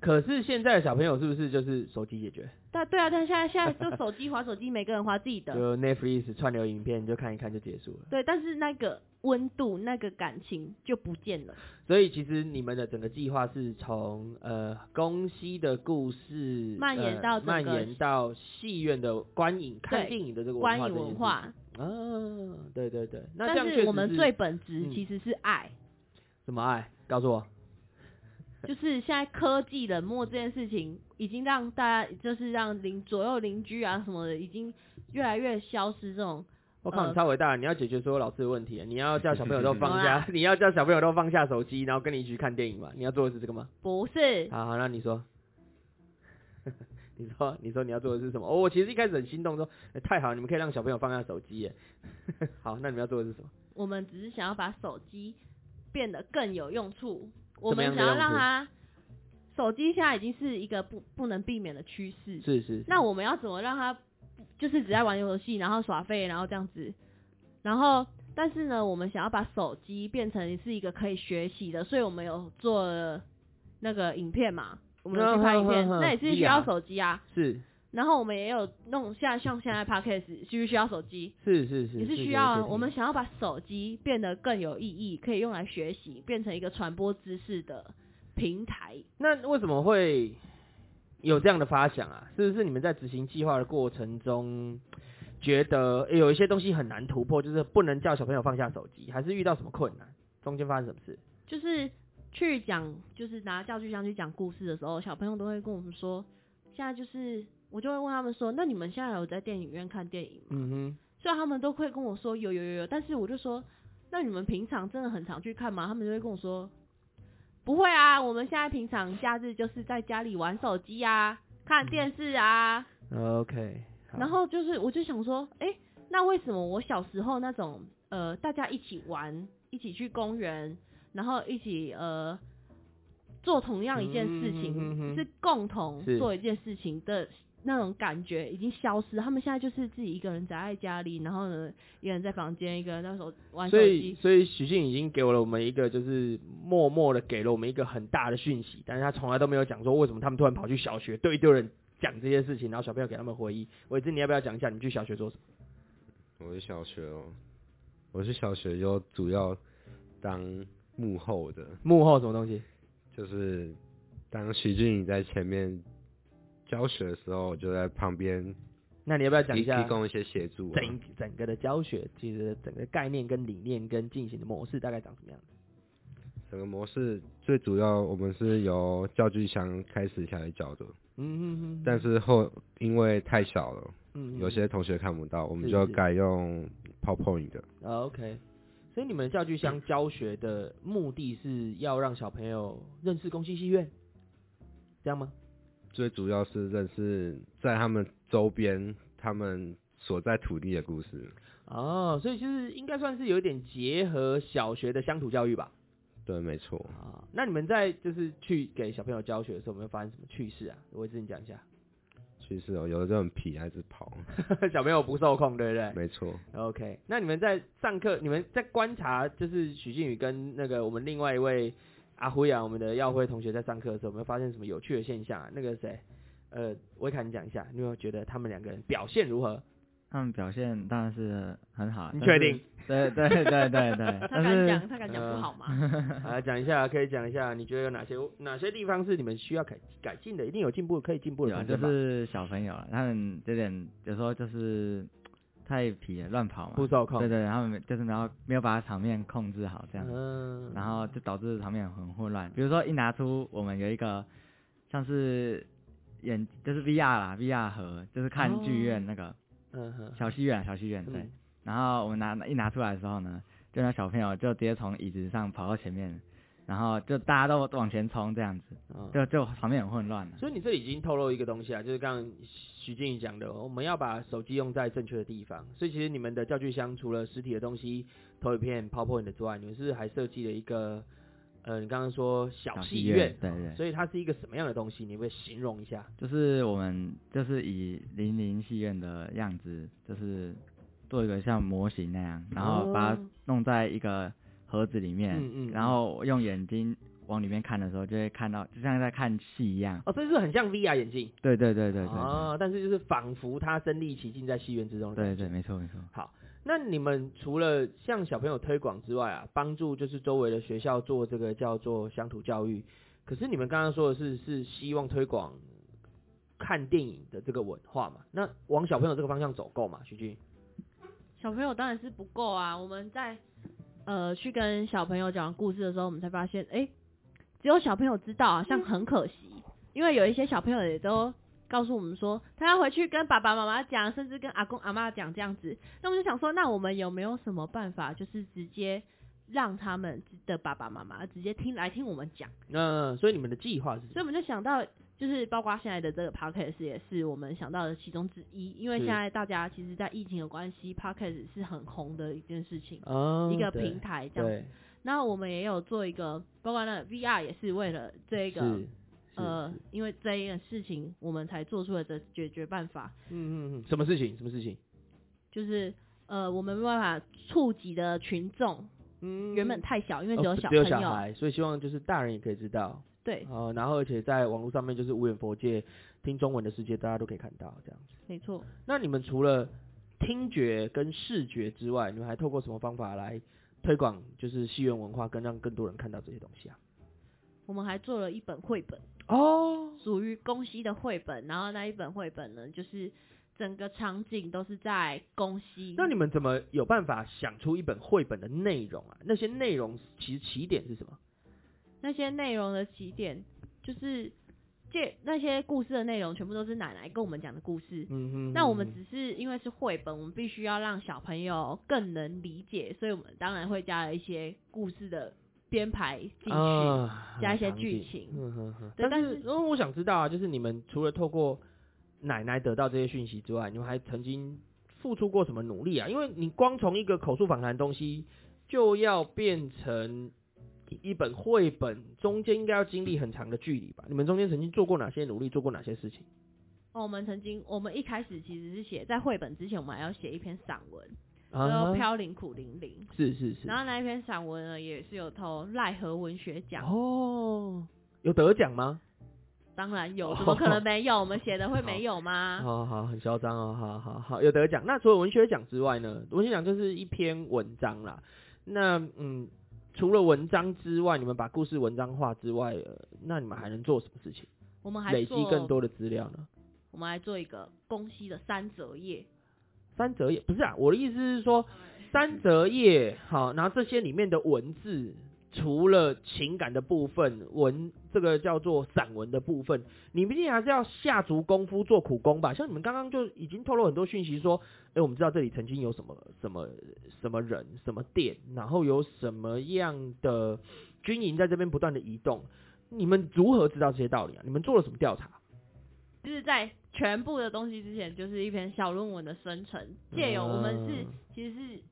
可是現在的小朋友是不是就是手機解決？但對啊，但現在現在都手機滑手機， [laughs] 每個人滑自己的。就 Netflix 串流影片就看一看就結束了。對，但是那個溫度、那個感情就不見了。所以其實你們的整個計劃是從呃，公西的故事、呃、蔓延到、這個、蔓延到戲院的觀影、看電影的這個觀影文化。啊，對對對，對，那但是，那這樣是我們最本質，其實是愛、嗯。什麼愛？告訴我。就是現在科技冷漠這件事情，已經讓大家就是讓鄰左右鄰居啊什麼的，已經越來越消失這種。我、喔、靠，超、呃、偉大了！你要解決所有老師的問題，你要叫小朋友都放下， [laughs] 你要叫小朋友都放下手機，然後跟你一起去看電影吧。你要做的是這個嗎？不是。好，好，那你說， [laughs] 你說，你說你要做的是什麼？哦，我其實一開始很心動說，欸、太好了，你們可以讓小朋友放下手機耶。 [laughs] 好，那你們要做的是什麼？我們只是想要把手機變得更有用處。我們想要讓他手機現在已經是一個不不能避免的趨勢，是是。那我們要怎麼讓他就是只在玩遊戲，然後耍廢，然後這樣子？然後，但是呢，我們想要把手機變成是一個可以學習的，所以我們有做了那個影片嘛？我們去拍影片，那也是需要手機啊，yeah, 是。然後我們也有弄，現在像現在 Podcast 需不需要手機？是是是，是，也是需要。我們想要把手機變得更有意義，可以用來學習，變成一個傳播知識的平台。那為什麼會有這樣的發想啊？是不是你們在執行計劃的過程中，覺得有一些東西很難突破，就是不能叫小朋友放下手機，還是遇到什麼困難？中間發生什麼事？就是去講，就是拿教具箱去講故事的時候，小朋友都會跟我們說，現在就是。我就會問他們說：“那你們現在有在電影院看電影嗎？”嗯、哼，所以他們都會跟我說：“有有有有。”但是我就說：“那你們平常真的很常去看嗎？”他們就會跟我說：“不會啊，我們現在平常假日就是在家裡玩手機啊，看電視啊。嗯、”OK。然後就是，我就想說，誒、欸，那為什麼我小時候那種呃，大家一起玩，一起去公園，然後一起呃，做同樣一件事情、嗯哼哼，是共同做一件事情的。那種感覺已經消失。他們現在就是自己一個人宅在家裡，然後呢，一個人在房間，一個人在手玩手機。所以，所以許靜已經給了我們一個，就是默默的給了我們一個很大的訊息，但是他從來都沒有講說為什麼他們突然跑去小學對一堆人講這些事情，然後小朋友給他們回憶。偉志，你要不要講一下你去小學做什麼？我去小學哦、喔，我去小學就主要當幕後的。幕後什麼東西？就是當徐靜怡在前面，教學的時候，我就在旁邊。那你要不要講一下？提供一些協助。整整個的教學，其實整個概念跟理念跟進行的模式，大概長什麼樣？整個模式最主要，我們是由教具箱開始下來教的。嗯哼哼哼。但是後因為太小了，嗯哼哼，有些同學看不到，我們就改用 PowerPoint 的。是是是。OK，所以你們教具箱教學的目的是要讓小朋友認識公西戲院，這樣嗎？最主要是認識在他們周邊、他們所在土地的故事。哦，所以就是應該算是有一點結合小學的鄉土教育吧。對，沒錯。啊、哦，那你們在就是去給小朋友教學的時候，有沒有發生什麼趣事啊？維志，你講一下。趣事哦，有的時候很皮，還是跑， [laughs] 小朋友不受控，對不對？沒錯。OK，那你們在上課，你們在觀察，就是許靖宇跟那個我們另外一位。阿輝啊，我們的耀輝同學在上課的時候有沒有發現什麼有趣的現象？啊？那個誰，呃，我也看你講一下，你有沒有覺得他們兩個人表現如何？他們表現當然是很好。你確定？對對對對對。 [laughs] 他敢講，他敢講不好嗎？來、呃、講一下，可以講一下，你覺得有哪些哪些地方是你們需要改改進的？一定有進步可以進步的、啊。就是小朋友了，他們有點比如說就是。太皮了，亂跑嘛不控，對對，然後就是然後沒有把場面控制好這樣、嗯，然後就導致場面很混亂。比如說一拿出我們有一個像是演就是 VR 啦，VR 盒就是看劇院那個、哦嗯、哼小戲院小戲院對、嗯，然後我們拿一拿出來的時候呢，就那小朋友就直接從椅子上跑到前面，然後就大家都往前衝這樣子，嗯、就就場面很混亂、啊、所以你這裡已經透露一個東西啊，就是剛剛。徐靜怡講的，我們要把手機用在正確的地方。所以其實你們的教具箱除了實體的東西、投影片、PowerPoint 的之外，你們是還設計了一個，呃，你剛剛說小戲院，院對，對對。所以它是一個什麼樣的東西？你會形容一下？就是我們就是以苓林戲院的樣子，就是做一個像模型那樣，然後把它弄在一個盒子裡面，嗯嗯嗯然後用眼睛。往裡面看的時候，就會看到，就像在看戲一樣。哦，這是很像 VR 眼鏡。對對對對對,對。哦、啊，但是就是仿佛他身臨其境在戲院之中。對,對對，沒錯沒錯。好，那你們除了向小朋友推廣之外啊，幫助就是周圍的學校做這個叫做鄉土教育。可是你們剛剛說的是是希望推廣看電影的這個文化嘛？那往小朋友這個方向走夠嗎？徐君。小朋友當然是不夠啊！我們在呃去跟小朋友講故事的時候，我們才發現，哎、欸。只有小朋友知道啊，像很可惜，嗯、因為有一些小朋友也都告訴我們說，他要回去跟爸爸媽媽講，甚至跟阿公阿嬤講這樣子。那我們就想說，那我們有沒有什麼辦法，就是直接讓他們的爸爸媽媽直接聽來聽我們講？嗯，所以你們的計劃是什麼？所以我們就想到，就是包括現在的這個 podcast 也是我們想到的其中之一。因為現在大家其實，在疫情的關係，podcast 是很紅的一件事情，嗯、一個平台這樣子那我們也有做一個，包括那個 VR，也是為了這一個，呃，因為這一個事情，我們才做出了這解決辦法。嗯嗯嗯，什麼事情？什麼事情？就是呃，我們沒辦法觸及的群眾、嗯，原本太小，因為只有小朋友、哦，只有小孩，所以希望就是大人也可以知道。對。呃，然後而且在網絡上面就是無遠弗屆，聽中文的世界，大家都可以看到，這樣子。沒錯。那你們除了聽覺跟視覺之外，你們還透過什麼方法來？推廣就是戲院文化，跟讓更多人看到這些東西啊。我們還做了一本繪本哦，屬於公西的繪本。然後那一本繪本呢，就是整個場景都是在公西。那你們怎麼有辦法想出一本繪本的內容啊？那些內容其實起點是什麼？那些內容的起點就是。這那些故事的內容全部都是奶奶跟我們講的故事。嗯哼，哼。那我們只是因為是繪本，我們必須要讓小朋友更能理解，所以我們當然會加了一些故事的編排進去，啊，加一些劇情。嗯哼，哼但是，因、嗯、為我想知道啊，就是你們除了透過奶奶得到這些訊息之外，你們還曾經付出過什麼努力啊？因為你光從一個口述訪談的東西，就要變成。一本繪本中間應該要經歷很長的距離吧？你們中間曾經做過哪些努力？做過哪些事情？Oh, 我們曾經，我們一開始其實是寫在繪本之前，我們還要寫一篇散文，叫《飄零苦零零》是，是是是。然後那一篇散文呢，也是有投賴和文學獎哦，oh, 有得獎嗎？當然有，怎麼可能沒有？Oh, 我們寫的會沒有嗎？好好，很囂張哦。好好好，有得獎。那除了文學獎之外呢？文學獎就是一篇文章啦。那嗯。除了文章之外，你們把故事文章化之外，呃，那你們還能做什麼事情？我們還累積更多的資料呢。我們來做一個公西的三折頁。三折頁不是啊，我的意思是說，三折頁，好，拿這些裡面的文字。除了情感的部分，文，這個叫做散文的部分，你們畢竟還是要下足功夫做苦工吧。像你們剛剛就已經透露很多訊息說，哎、欸，我們知道這裡曾經有什麼什麼什麼人、什麼店，然後有什麼樣的軍營在這邊不斷的移動。你們如何知道這些道理啊？你們做了什麼調查？就是在全部的東西之前，就是一篇小論文的生成，借由我們是其實是。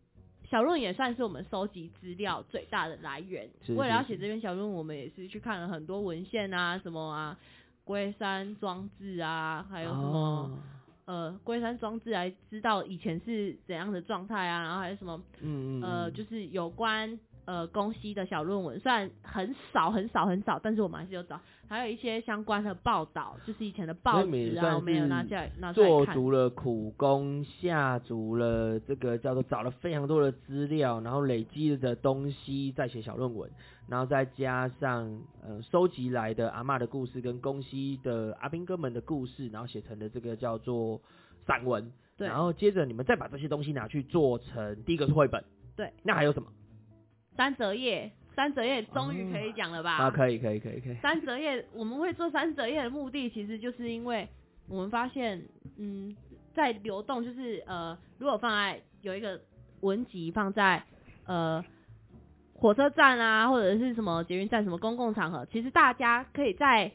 小論也算是我們收集資料最大的來源。是是是為了要寫這篇小論，我們也是去看了很多文獻啊，什麼啊龜山裝置啊，還有什麼、哦、呃龜山裝置來知道以前是怎樣的狀態啊，然後還有什麼嗯，嗯，嗯呃就是有關。呃，公西的小論文雖然很少、很少、很少，但是我們還是有找，還有一些相關的報道，就是以前的報紙啊，然後沒有拿下來，拿來看。做足了苦功，下足了這個叫做找了非常多的資料，然後累積的東西再寫小論文，然後再加上呃收集來的阿嬤的故事跟公西的阿兵哥們的故事，然後寫成的這個叫做散文。對。然後接着你們再把這些東西拿去做成第一個是繪本。對。那還有什麼？三折頁，三折頁終於可以講了吧？啊、哦，可以可以可以三折頁，我們會做三折頁的目的，其實就是因為我們發現，嗯，在流動，就是呃，如果放在有一個文集放在呃火車站啊，或者是什麼捷運站什麼公共場合，其實大家可以在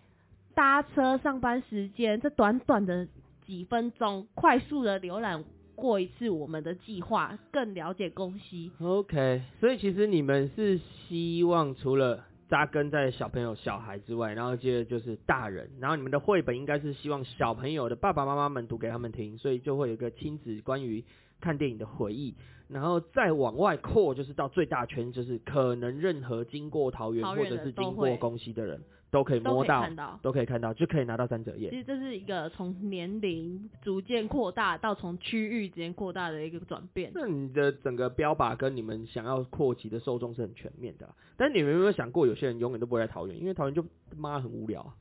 搭車、上班時間這短短的幾分鐘，快速的瀏覽。過一次我們的計劃，更了解公西。OK，所以其實你們是希望除了紮根在小朋友、小孩之外，然後接着就是大人，然後你們的繪本應該是希望小朋友的爸爸媽媽們讀給他們聽，所以就會有一個親子關於看電影的回憶，然後再往外擴，就是到最大圈，就是可能任何經過桃園或者是經過公西的人。都可以摸，摸到，可以到，都可以看到，就可以拿到三折頁。其實這是一個從年齡逐漸擴大到從區域之間擴大的一個轉變。那你的整個標靶跟你們想要擴及的受眾是很全面的，但是你們有沒有想過，有些人永遠都不會來桃園，因為桃園就他媽很無聊，啊，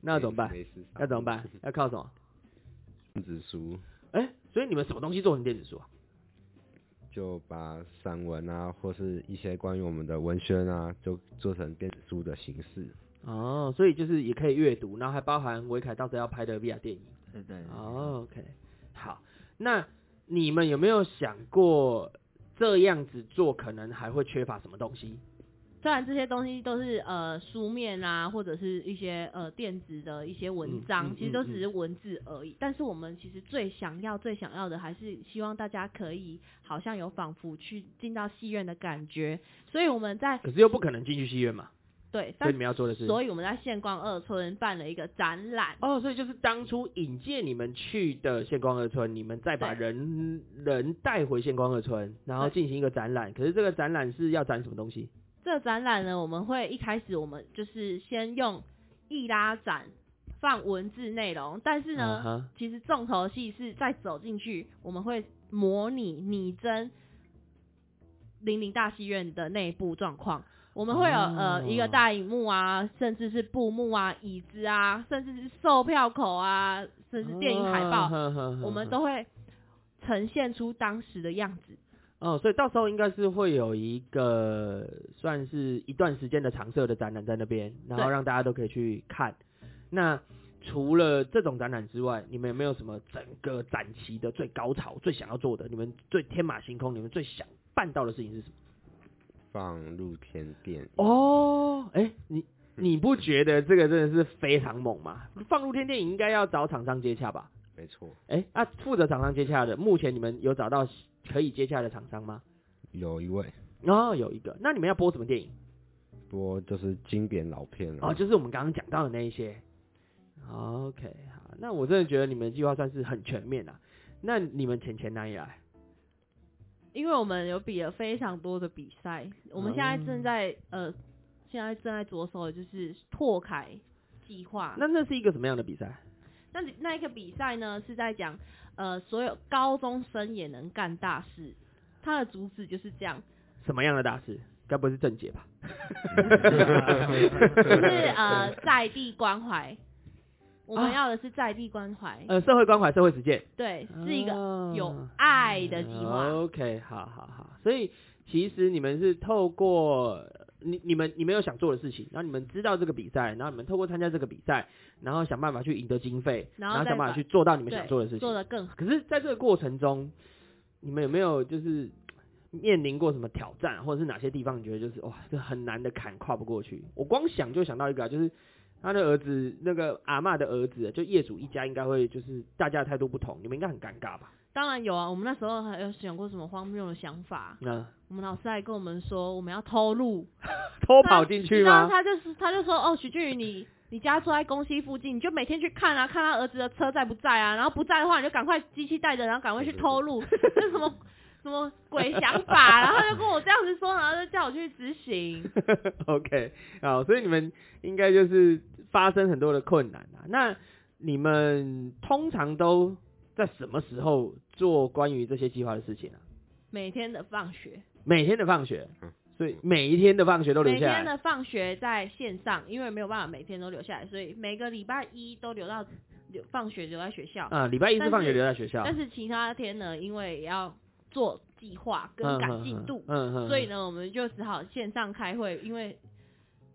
那怎麼辦？那怎麼辦？要靠什麼？電子書。哎，所以你們什麼東西做成電子書啊？就把散文啊，或是一些關於我們的文宣啊，就做成電子書的形式。哦，所以就是也可以閱讀，然後還包含拓凱到時候要拍的 VR 電影。對對,對。哦，oh，OK，好。那你們有沒有想過這樣子做，可能還會缺乏什麼東西？雖然這些東西都是呃書面啊，或者是一些呃電子的一些文章，嗯，其實都只是文字而已。嗯嗯嗯，但是我們其實最想要、最想要的，還是希望大家可以好像有仿佛去進到戲院的感覺。所以我們在。可是又不可能進去戲院嘛。對，所以你們要說的是，所以我們在憲光二村辦了一個展覽。哦，所以就是當初引薦你們去的憲光二村，你們再把人人帶回憲光二村，然後進行一個展覽。可是這個展覽是要展什麼東西？這個、展覽呢，我們會一開始我們就是先用易拉展放文字內容，但是呢，uh -huh、其實重頭戲是再走進去，我們會模擬擬真苓林大戲院的內部狀況。我們會有、哦、呃一個大螢幕啊，甚至是布幕啊、椅子啊，甚至是售票口啊，甚至電影海報、哦，我們都會呈現出當時的樣子。哦，所以到時候應該是會有一個算是一段時間的常設的展覽在那邊，然後讓大家都可以去看。那除了這種展覽之外，你們有沒有什麼整個展期的最高潮、最想要做的？你們最天馬行空、你們最想辦到的事情是什麼？放露天電影哦，哎、欸，你你不覺得這個真的是非常猛嗎？放露天電影應該要找廠商接洽吧？沒錯。哎、欸，那、啊、負責廠商接洽的，目前你們有找到可以接洽的廠商嗎？有一位。哦，有一個。那你們要播什麼電影？播就是經典老片、啊、哦，就是我們剛剛講到的那一些。OK，好，那我真的覺得你們的計劃算是很全面了、啊。那你們錢錢哪裡來？因為我們有比了非常多的比賽，我們現在正在、嗯、呃，現在正在着手的就是拓凱計劃。那那是一個什麼樣的比賽？那那一個比賽呢，是在講呃，所有高中生也能幹大事，他的主旨就是這樣。什麼樣的大事？該不是政界吧？就 [laughs] 是呃、啊啊，在地關懷。我們要的是在地關懷、啊，呃，社會關懷，社會實踐，對，是一個有愛的計劃。嗯嗯嗯嗯、OK，好，好，好。所以其實你們是透過你、你們、你們有想做的事情，然後你們知道這個比賽，然後你們透過參加這個比賽，然後想辦法去贏得經費，然後，然後想辦法去做到你們想做的事情，做得更好。可是在這個過程中，你們有沒有就是面臨過什麼挑戰，或者是哪些地方你覺得就是哇，這很難的坎跨不過去？我光想就想到一個、啊，就是。他的兒子，那個阿嬤的兒子，就業主一家應該會就是大家的態度不同，你們應該很尷尬吧？當然有啊，我們那時候還有想過什麼荒謬的想法。嗯，我們老師還跟我們說我們要偷路，偷跑進去嗎？他就是，他就說哦，許俊宇你，你你家住在公西附近，你就每天去看啊，看他兒子的車在不在啊，然後不在的話，你就趕快機器帶着，然後趕快去偷路，嗯、這什麼？ [laughs] 什麼鬼想法？然後就跟我這樣子說，然後就叫我去執行。 [laughs] OK，好，所以你們應該就是發生很多的困難啊。那你們通常都在什麼時候做關於這些計劃的事情啊？每天的放學，每天的放學，所以每一天的放學都留下來。每天的放學在線上，因為沒有辦法每天都留下來，所以每個禮拜一都留到留放學留在學校。啊、嗯，禮拜一是放學留在學校，但是，但是其他天呢，因為也要。做計劃跟趕進度、嗯嗯嗯嗯，所以呢、嗯嗯，我們就只好線上開會。因為，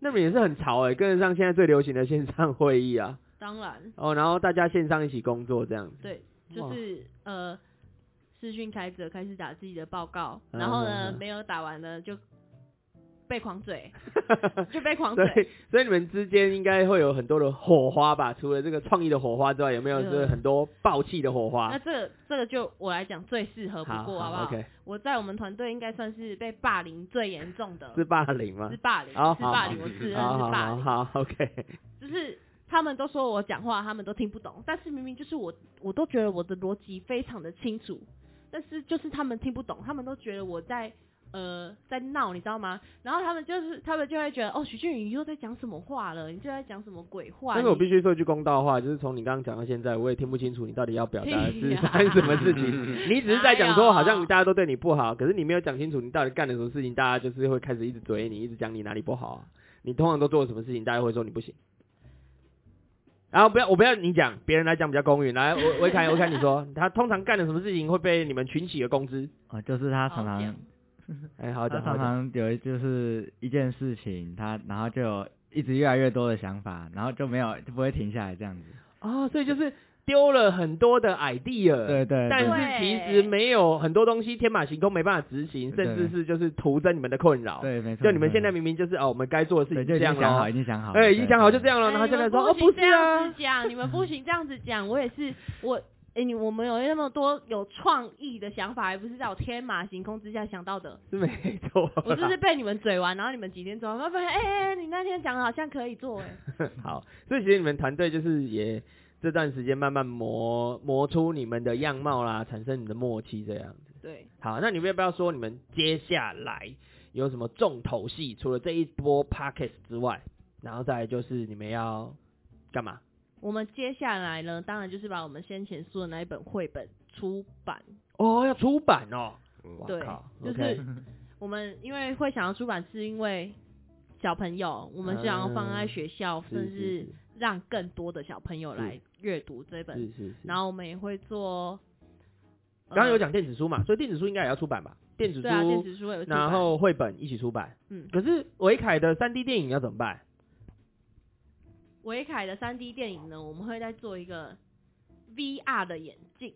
那也是很潮哎、欸，跟得上現在最流行的線上會議啊。當然。哦，然後大家線上一起工作這樣子。對，就是呃，視訊開着，開始打自己的報告，然後呢，嗯嗯嗯、沒有打完呢，就。被狂嘴，就被狂嘴， [laughs] 所,以所以你們之間應該會有很多的火花吧？除了這個創意的火花之外，有沒有就是很多爆氣的火花？那這個、這個就我來講最適合不過，好,好,好不好、okay. 我在我們團隊應該算是被霸凌最嚴重的，是霸凌嗎？是霸凌、oh, 是霸凌，oh, 我是、oh, 是霸凌，好、oh, [laughs] oh, OK。就是他們都說我講話，他們都聽不懂，但是明明就是我，我都覺得我的邏輯非常的清楚，但是就是他們聽不懂，他們都覺得我在。呃，在鬧，你知道嗎？然後他們就是，他們就會覺得，哦，徐俊宇又在講什麼話了？你就在講什麼鬼話？但是我必須說一句公道話，就是從你剛剛講到現在，我也聽不清楚你到底要表達的是什麼事情。 [laughs] 你只是在講說，好像大家都對你不好，可是你沒有講清楚你到底幹了什麼事情，大家就是會開始一直懟你，一直講你哪裡不好。你通常都做了什麼事情？大家會說你不行。然後不要，我不要你講，別人來講比較公允。來，我我一看 [laughs] 我一看你說，他通常幹了什麼事情會被你們群起而攻之？啊，就是他常常、okay.。哎、欸，好，的常常有一就是一件事情，他然後就有一直越來越多的想法，然後就沒有就不會停下來這樣子啊、哦，所以就是丟了很多的 idea，對對，對，但是其實沒有很多東西天馬行空沒辦法執行，對對對對，甚至是就是徒增你們的困擾。對，沒錯，就你們現在明明就是對對對對，哦，我們該做的事情就這樣就想好，已經想好、欸，對，已經想好就這樣了，然後現在說哦，不是啊，這樣子講你們不行，這樣子講， [laughs] 我也是我。哎、欸，你我們有那麼多有創意的想法，還不是在我天馬行空之下想到的？是沒錯，我就是被你們嘴完，然後你們幾天之後，那不是哎哎，你那天講的好像可以做哎、欸。 [laughs] 好，所以其實你們團隊就是也這段時間慢慢磨磨出你們的樣貌啦，產生你們的默契這樣子。對，好，那你們要不要說你們接下來有什麼重頭戲？除了這一波 podcast 之外，然後再來就是你們要幹嘛？我們接下來呢，當然就是把我們先前說的那一本繪本出版哦，要出版哦。對，就是、okay. 我們因為會想要出版，是因為小朋友，我們想要放在學校、嗯，甚至讓更多的小朋友來閱讀這本是是是是。然後我們也會做，剛剛、嗯、有講電子書嘛，所以電子書應該也要出版吧？電子書，對啊、電子書，然後繪本一起出版。嗯。可是維凱的三 D 電影要怎麼辦？維凱的三 D 電影呢，我們會再做一個 VR 的眼鏡。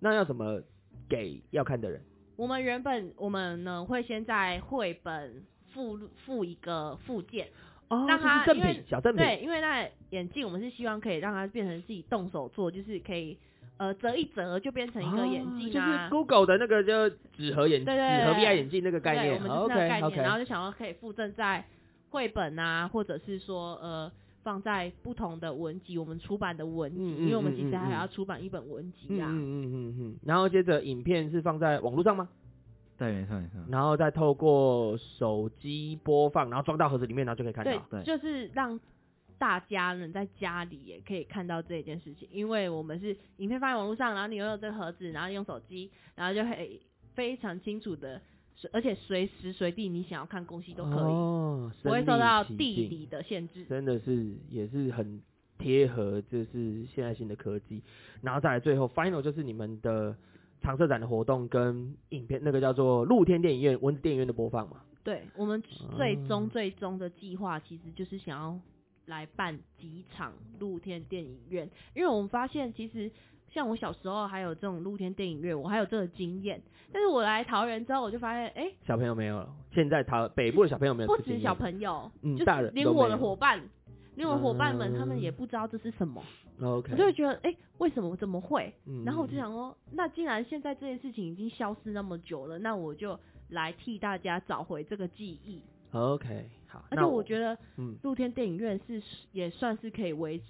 那要怎麼給要看的人？我們原本我們呢會先在繪本附附一個附件，哦，讓它這是贈品，小贈品。對，因為那眼鏡我們是希望可以讓它變成自己動手做，就是可以呃折一折就變成一個眼鏡啊、哦。就是 Google 的那個就紙盒眼鏡，紙盒 VR 眼鏡那個概念，我們就是那個概念，哦、okay, 然後就想要可以附贈在繪本啊，或者是說呃。放在不同的文集，我們出版的文集，嗯嗯嗯嗯嗯嗯，因為我們其實還要出版一本文集啊。嗯嗯嗯嗯，嗯，嗯，嗯。然後接着影片是放在網絡上嗎？對，然後再透過手機播放，然後裝到盒子裡面，然後就可以看到。對，就是讓大家能在家裡也可以看到這一件事情，因為我們是影片放在網絡上，然後你擁有這個盒子，然後你用手機，然後就可以非常清楚的。而且隨時隨地你想要看東西都可以、哦，不會受到地理的限制。真的是也是很貼合，就是現代性的科技。然後再來最後，final 就是你們的常設展的活動跟影片，那個叫做露天電影院、蚊子電影院的播放嘛。對，我們最終最終的計劃其實就是想要來辦幾場露天電影院，因為我們發現其實。像我小時候還有這種露天電影院，我還有這個經驗。但是我來桃園之後，我就發現，哎、欸，小朋友沒有了。現在桃北部的小朋友沒有。不止小朋友，嗯，就是連我的夥伴、嗯的，連我夥伴們、嗯，他們也不知道這是什麼。OK。我就會覺得，哎、欸，為什麼？怎麼會？嗯，然後我就想哦，那既然現在這件事情已經消失那麼久了，那我就來替大家找回這個記憶。OK，好。那而且我覺得，嗯，露天電影院是、嗯、也算是可以維持。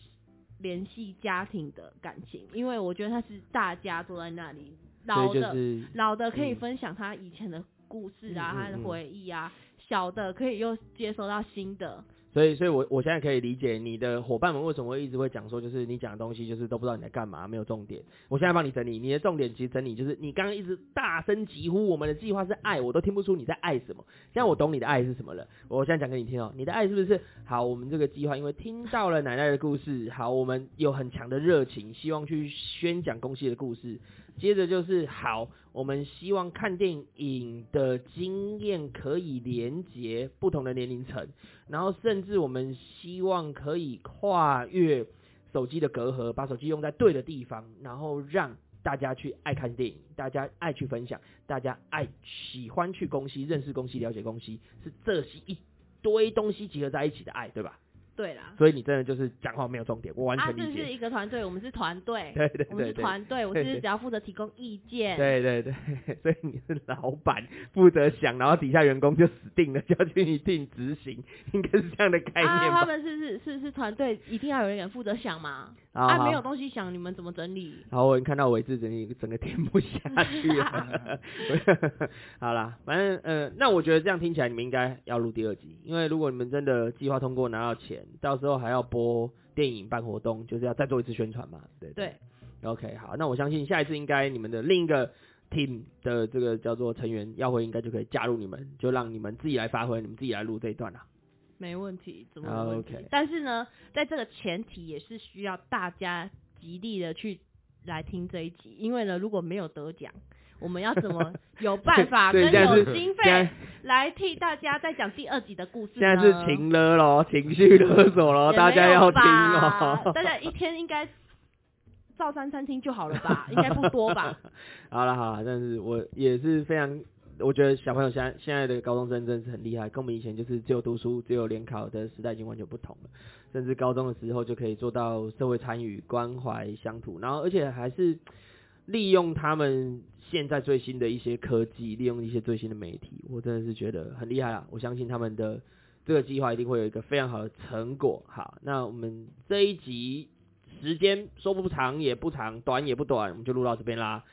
聯繫家庭的感情，因為我覺得他是大家坐在那裡，就是，老的老的可以分享他以前的故事啊，嗯，他的回憶啊嗯嗯嗯，小的可以又接收到新的。所以，所以我我現在可以理解你的夥伴們為什麼會一直會講說，就是你講的東西就是都不知道你在幹嘛，沒有重點。我現在幫你整理，你的重點其實整理就是你剛剛一直大聲疾呼我們的計劃是愛，我都聽不出你在愛什麼。現在我懂你的愛是什麼了，我現在講給你聽哦、喔，你的愛是不是好？我們這個計劃因為聽到了奶奶的故事，好，我們有很強的熱情，希望去宣講公西的故事。接着就是好，我們希望看電影的經驗可以連接不同的年齡層，然後甚至我們希望可以跨越手機的隔閡，把手機用在對的地方，然後讓大家去愛看電影，大家愛去分享，大家愛，喜歡去公西，認識公西，了解公西，是這是一堆東西集合在一起的愛，對吧？對啦，所以你真的就是講話沒有重點，我完全理解、啊、這是一個團隊，我們是團隊，對對，對，對對，我們是團隊，我是，是只要負責提供意見。對對對，對，所以你是老闆負責想，然後底下員工就死定了，就要去一定執行，應該是這樣的概念、啊。他們是是是是團隊，一定要有人負責想嗎？好好啊，沒有東西想，你們怎麼整理？好，我已經看到我自己整理整個填不下去了。哈哈哈哈。好啦，反正呃，那我覺得這樣聽起來你們應該要錄第二集，因為如果你們真的計劃通過拿到錢，到時候還要播電影、辦活動，就是要再做一次宣傳嘛。對對，對，對，OK，好，那我相信下一次應該你們的另一個 team 的這個叫做成員耀輝應該就可以加入你們，就讓你們自己來發揮，你們自己來錄這一段啊。沒問題，怎麼、oh, okay. 但是呢，在這個前提也是需要大家極力的去來聽這一集，因為呢，如果沒有得獎， [laughs] 我們要怎麼有辦法跟有經費來替大家再講第二集的故事？現在是情勒咯，情緒勒索咯，大家要聽哦。大家一天應該照三餐聽就好了吧？ [laughs] 應該不多吧？ [laughs] 好了好了，但是我也是非常。我覺得小朋友現現在的高中生真的是很厲害，跟我們以前就是只有讀書、只有聯考的時代已經完全不同了。甚至高中的時候就可以做到社會參與、關懷鄉土，然後而且還是利用他們現在最新的一些科技，利用一些最新的媒體，我真的是覺得很厲害啊！我相信他們的這個計劃一定會有一個非常好的成果。好，那我們這一集時間說不長也不長，短也不短，我們就錄到這邊啦。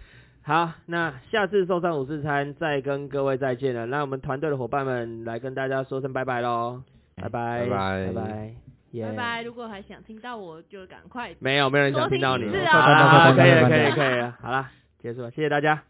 好，那下次送上五四三再跟各位再見了。那我們團隊的夥伴們來跟大家說聲拜拜嘍拜拜、拜拜、拜拜，拜拜，yeah. 拜拜。如果還想聽到我就聽，就趕快沒有沒有人想聽到你啊、嗯，可以了可以了可以了，好了，結束了，謝謝大家。